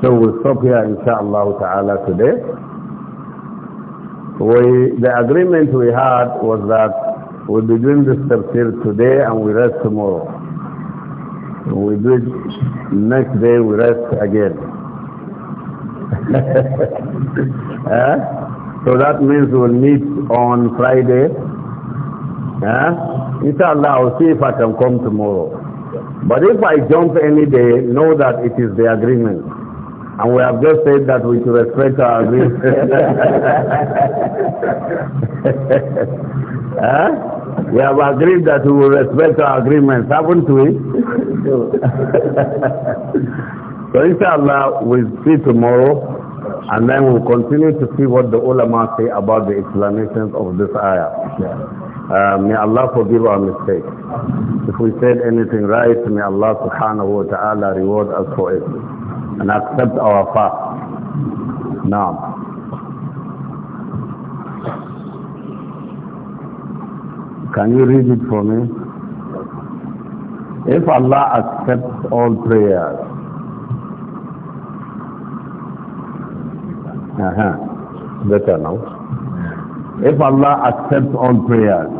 So we'll stop here inshallah ta'ala today. We, the agreement we had was that we'll be doing this tafsir today and we rest tomorrow. We do it next day, we rest again. [LAUGHS] eh? So that means we'll meet on Friday. Eh? Inshallah, I'll see if I can come tomorrow. But if I jump any day, know that it is the agreement. And we have just said that we should respect our agreement. [LAUGHS] [LAUGHS] huh? We have agreed that we will respect our agreements, haven't we? [LAUGHS] so inshallah, we'll see tomorrow and then we'll continue to see what the ulama say about the explanations of this ayah. Uh, may Allah forgive our mistakes. If we said anything right, may Allah subhanahu wa ta'ala reward us for it and accept our fast. Now. Can you read it for me? If Allah accepts all prayers, uh -huh. better now if Allah accepts all prayers,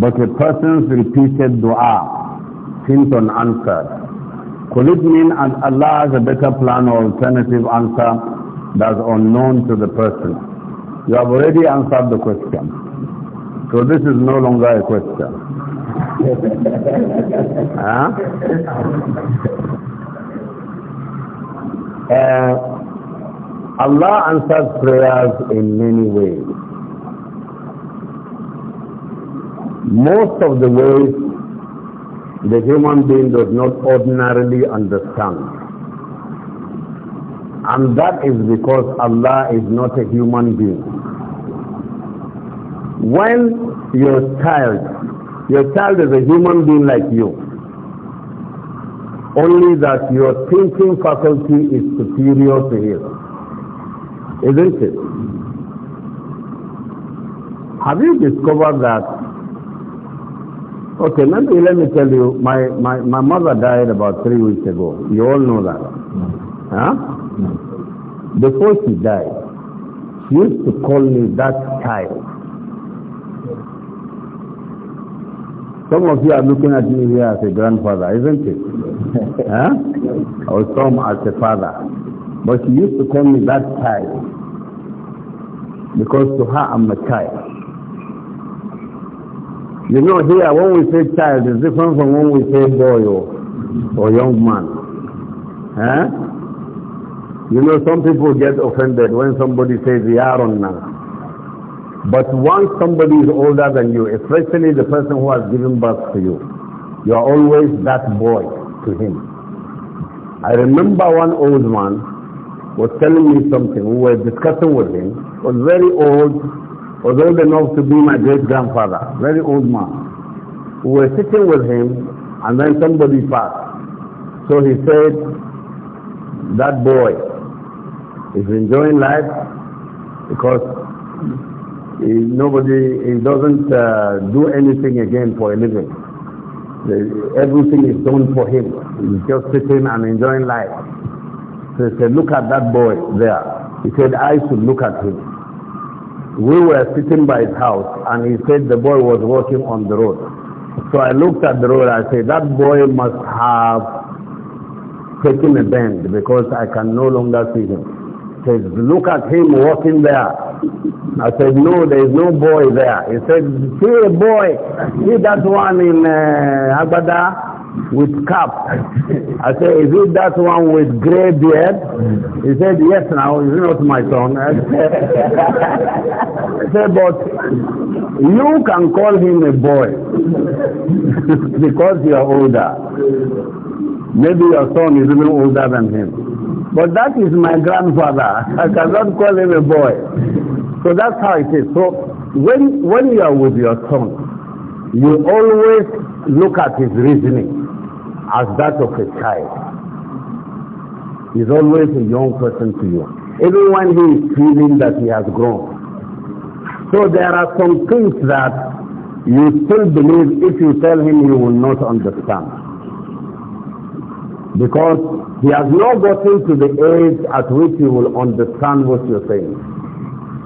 but a person's repeated dua seems unanswered, could it mean that Allah has a better plan or alternative answer that's unknown to the person? You have already answered the question. So this is no longer a question. [LAUGHS] huh? uh, Allah answers prayers in many ways. most of the ways the human being does not ordinarily understand. And that is because Allah is not a human being. When your child, your child is a human being like you, only that your thinking faculty is superior to his. Isn't it? Have you discovered that Okay, let me, let me tell you, my, my, my mother died about three weeks ago. You all know that. Huh? Before she died, she used to call me that child. Some of you are looking at me here as a grandfather, isn't it? [LAUGHS] huh? Or some as a father. But she used to call me that child. Because to her, I'm a child. You know here when we say child is different from when we say boy or, or young man. Huh? You know some people get offended when somebody says Yaronna. But once somebody is older than you, especially the person who has given birth to you, you are always that boy to him. I remember one old man was telling me something. We were discussing with him. He was very old, was old enough to be my great-grandfather, very old man. We were sitting with him and then somebody passed. So he said, that boy is enjoying life because he, nobody, he doesn't uh, do anything again for a living. The, everything is done for him. He's just sitting and enjoying life. So he said, look at that boy there. He said, I should look at him we were sitting by his house and he said the boy was walking on the road. So I looked at the road I said, that boy must have taken a bend because I can no longer see him. He says, look at him walking there. I said, no, there is no boy there. He said, see a boy, see that one in uh, Abada? with cap. I said, is it that one with gray beard? He said, yes now, is it not my son? I said, I said but you can call him a boy [LAUGHS] because you are older. Maybe your son is even older than him. But that is my grandfather. [LAUGHS] I cannot call him a boy. So that's how it is. So when, when you are with your son, you always look at his reasoning as that of a child. He's always a young person to you. Even when he is feeling that he has grown. So there are some things that you still believe if you tell him you will not understand. Because he has not gotten to the age at which he will understand what you're saying.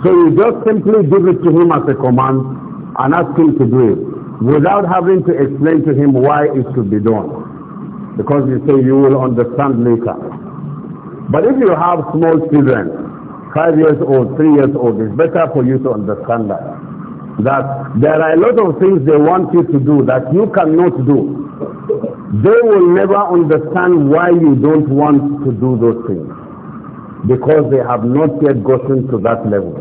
So you just simply give it to him as a command and ask him to do it without having to explain to him why it should be done. Because you say you will understand later. But if you have small children, five years old, three years old, it's better for you to understand that. That there are a lot of things they want you to do that you cannot do. They will never understand why you don't want to do those things. Because they have not yet gotten to that level.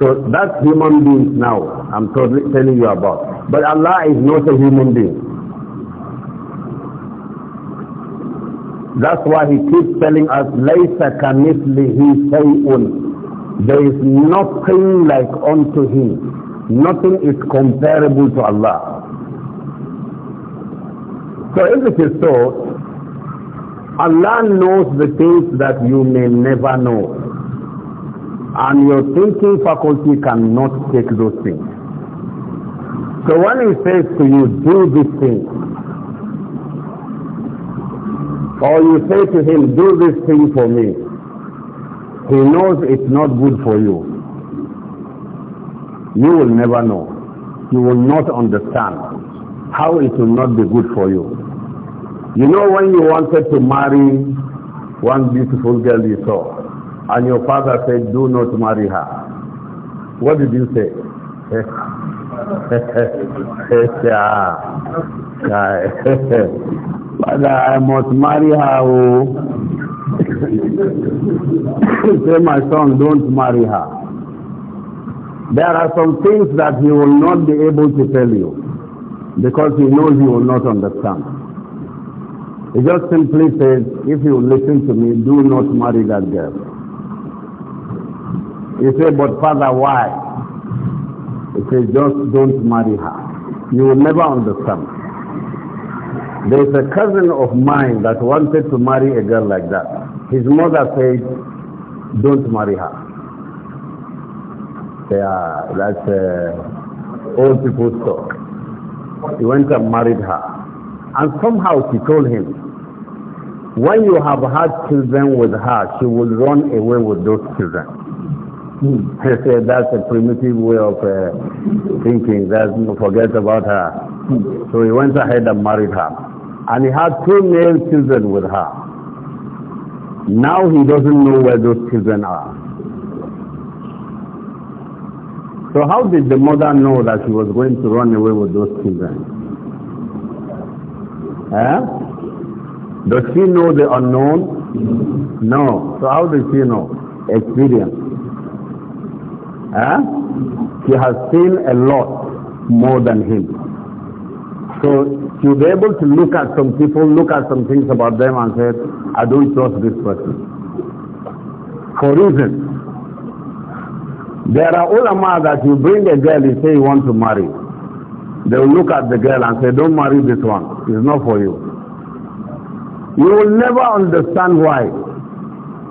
So that's human beings now. I'm totally telling you about. But Allah is not a human being. That's why he keeps telling us, لَيْسَ كَمِثْلِهِ There is nothing like unto him. Nothing is comparable to Allah. So if it is so, Allah knows the things that you may never know. And your thinking faculty cannot take those things. So when he says to you, do this thing, or you say to him, do this thing for me, he knows it's not good for you. You will never know. You will not understand how it will not be good for you. You know when you wanted to marry one beautiful girl you saw, and your father said, do not marry her. What did you say? [LAUGHS] Father, I must marry her. Say, my son, don't marry her. There are some things that he will not be able to tell you because he knows you will not understand. He just simply says, if you listen to me, do not marry that girl. He say, but father, why? It says just don't marry her. You will never understand. There is a cousin of mine that wanted to marry a girl like that. His mother said, don't marry her. Yeah, that's uh, old people's talk. He went and married her. And somehow she told him, when you have had children with her, she will run away with those children. Hmm. They say that's a primitive way of uh, thinking. That's, forget about her. Hmm. So he went ahead and married her. And he had two male children with her. Now he doesn't know where those children are. So how did the mother know that she was going to run away with those children? Eh? Does she know the unknown? Hmm. No. So how does she know? Experience. He has seen a lot more than him. So he will be able to look at some people, look at some things about them and say, I don't trust this person. For reasons. There are ulama that you bring a girl, you say you want to marry. They will look at the girl and say, don't marry this one. It's not for you. You will never understand why.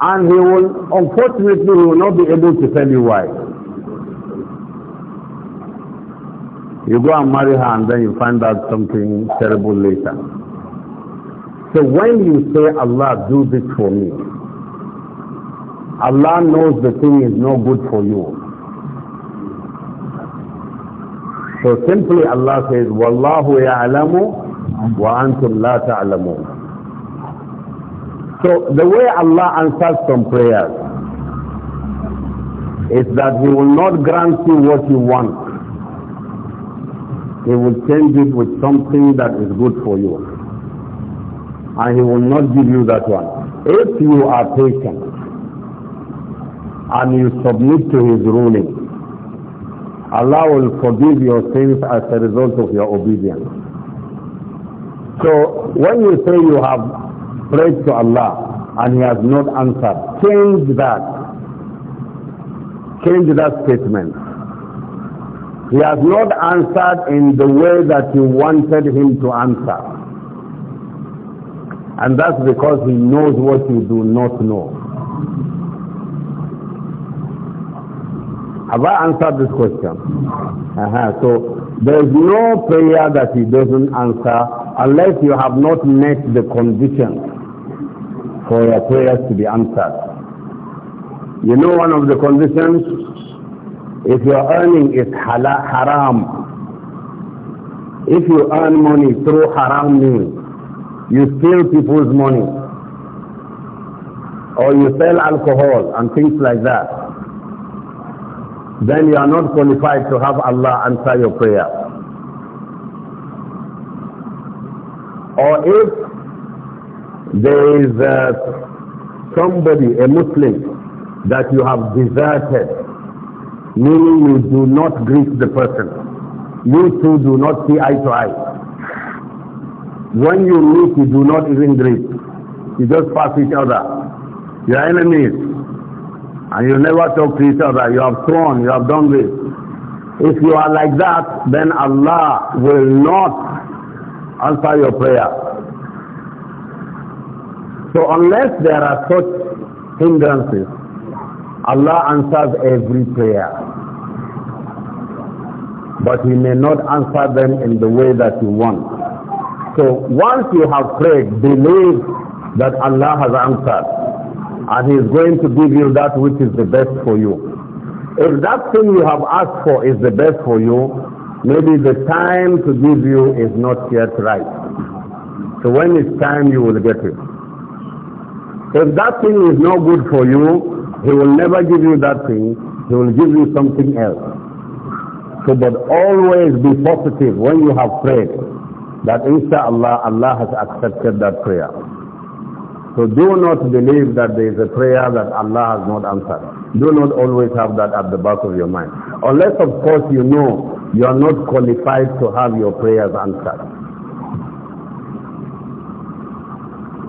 And he will, unfortunately, he will not be able to tell you why. You go and marry her and then you find out something terrible later. So when you say, Allah, do this for me, Allah knows the thing is no good for you. So simply Allah says, Wallahu ya'alamu wa antum la ta'alamu." So the way Allah answers some prayers is that He will not grant you what you want. He will change it with something that is good for you. And he will not give you that one. If you are patient and you submit to his ruling, Allah will forgive your sins as a result of your obedience. So when you say you have prayed to Allah and He has not answered, change that. Change that statement. He has not answered in the way that you wanted him to answer. And that's because he knows what you do not know. Have I answered this question? Uh -huh. So there is no prayer that he doesn't answer unless you have not met the conditions for your prayers to be answered. You know one of the conditions? If your earning is hala haram, if you earn money through haram means, you steal people's money, or you sell alcohol and things like that, then you are not qualified to have Allah answer your prayer. Or if there is uh, somebody, a Muslim, that you have deserted meaning you do not greet the person. You two do not see eye to eye. When you meet, you do not even greet. You just pass each other. You are enemies. And you never talk to each other. You have sworn, you have done this. If you are like that, then Allah will not answer your prayer. So unless there are such hindrances, Allah answers every prayer. But He may not answer them in the way that you want. So once you have prayed, believe that Allah has answered. And He is going to give you that which is the best for you. If that thing you have asked for is the best for you, maybe the time to give you is not yet right. So when it's time, you will get it. If that thing is no good for you, he will never give you that thing. He will give you something else. So but always be positive when you have prayed that inshallah Allah has accepted that prayer. So do not believe that there is a prayer that Allah has not answered. Do not always have that at the back of your mind. Unless of course you know you are not qualified to have your prayers answered.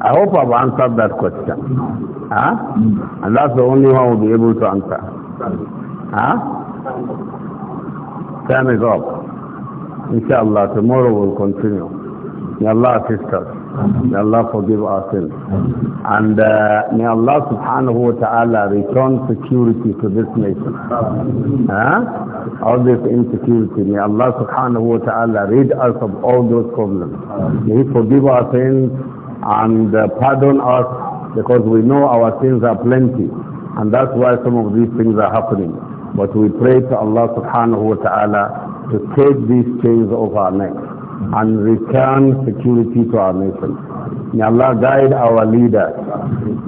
I hope I've answered that question. Huh? And that's the only one will be able to answer. Huh? Time is up. Inshallah, tomorrow we'll continue. May Allah assist us. May Allah forgive our sins. And uh, may Allah subhanahu wa ta'ala return security to this nation. Huh? All this insecurity. May Allah subhanahu wa ta'ala rid us of all those problems. May He forgive our sins and uh, pardon us because we know our sins are plenty and that's why some of these things are happening. But we pray to Allah subhanahu wa ta'ala to take these chains off our necks and return security to our nation. May Allah guide our leaders.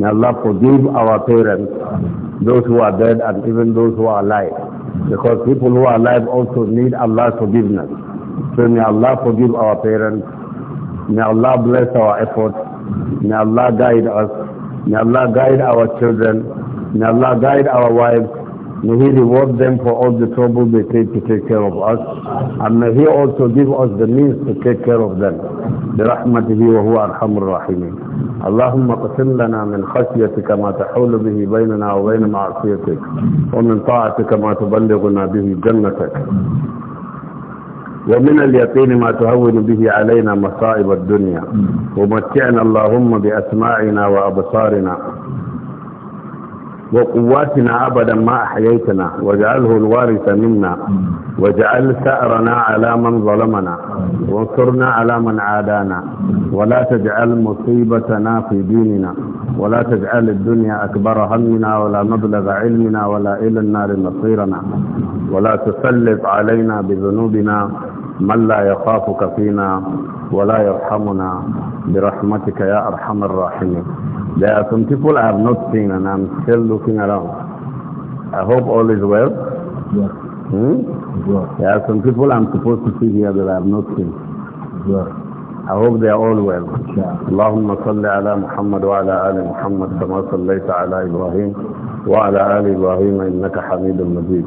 May Allah forgive our parents, those who are dead and even those who are alive. Because people who are alive also need Allah's forgiveness. So may Allah forgive our parents. May Allah bless our efforts. May Allah guide us. May Allah guide our children. May Allah guide our wives. May He reward them for all the trouble they take to take care of us. And may He also give us the means to take care of them. برحمته وهو أرحم الراحمين. اللهم اقسم لنا من خشيتك ما تحول به بيننا وبين معصيتك ومن طاعتك ما تبلغنا به جنتك ومن اليقين ما تهون به علينا مصائب الدنيا ومتعنا اللهم بأسماعنا وأبصارنا وقواتنا أبدا ما أحييتنا واجعله الوارث منا واجعل ثأرنا على من ظلمنا وانصرنا على من عادانا ولا تجعل مصيبتنا في ديننا ولا تجعل الدنيا أكبر همنا ولا مبلغ علمنا ولا إلى النار مصيرنا ولا تسلط علينا بذنوبنا من لا يخافك فينا ولا يرحمنا برحمتك يا أرحم الراحمين There are some people I have not seen and I'm still looking around. I hope all is well. Yeah. Hmm? Yeah. There are some people I'm supposed to see here that I have not seen. Yeah. I hope they are all well. Yeah. اللهم صل على محمد وعلى آل محمد كما صليت على إبراهيم وعلى آل إبراهيم إنك حميد مجيد.